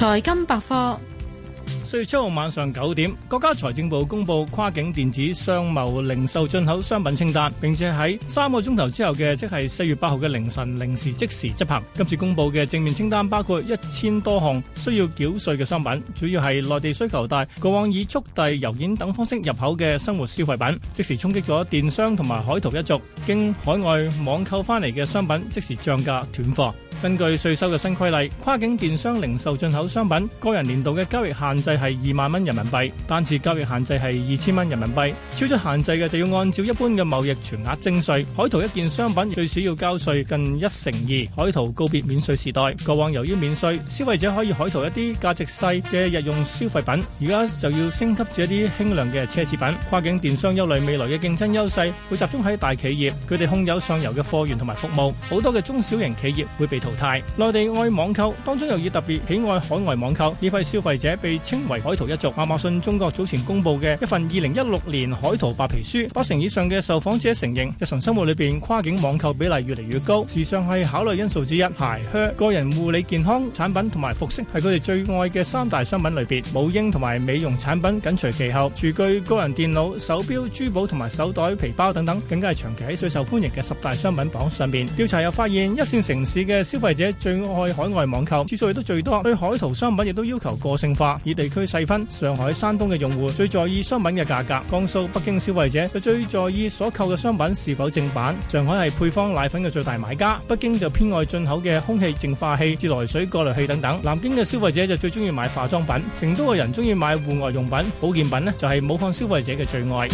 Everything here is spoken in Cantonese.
財金百貨。四月七號晚上九點，國家財政部公布跨境電子商貿零售進口商品清單，並且喺三個鐘頭之後嘅，即係四月八號嘅凌晨零時即時執行。今次公布嘅正面清單包括一千多項需要繳稅嘅商品，主要係內地需求大，過往以速遞、郵件等方式入口嘅生活消費品，即時沖擊咗電商同埋海淘一族。經海外網購翻嚟嘅商品，即時漲價斷貨。根據稅收嘅新規例，跨境電商零售進口商品個人年度嘅交易限制，係二萬蚊人民幣，單次交易限制係二千蚊人民幣，超出限制嘅就要按照一般嘅貿易全額徵稅。海淘一件商品最少要交稅近一成二，海淘告別免稅時代。過往由於免稅，消費者可以海淘一啲價值細嘅日用消費品，而家就要升級住一啲輕量嘅奢侈品。跨境電商憂慮未來嘅競爭優勢會集中喺大企業，佢哋控有上游嘅貨源同埋服務，好多嘅中小型企業會被淘汰。內地愛網購，當中又以特別喜愛海外網購呢批消費者被稱為海淘一族，亞馬遜中國早前公布嘅一份2016年海淘白皮書，八成以上嘅受訪者承認，日常生活裏邊跨境網購比例越嚟越高，時尚係考慮因素之一。鞋靴、個人護理健康產品同埋服飾係佢哋最愛嘅三大商品類別，母嬰同埋美容產品緊隨其後。廚具、個人電腦、手表、珠寶同埋手袋皮包等等，更加係長期喺最受歡迎嘅十大商品榜上邊。調查又發現，一線城市嘅消費者最愛海外網購，次數亦都最多。對海淘商品亦都要求個性化，以地區。細分，上海、山東嘅用戶最在意商品嘅價格，江蘇、北京消費者就最在意所購嘅商品是否正版。上海係配方奶粉嘅最大買家，北京就偏愛進口嘅空氣淨化器、自來水過濾器等等。南京嘅消費者就最中意買化妝品，成都嘅人中意買戶外用品、保健品呢，就係武漢消費者嘅最愛。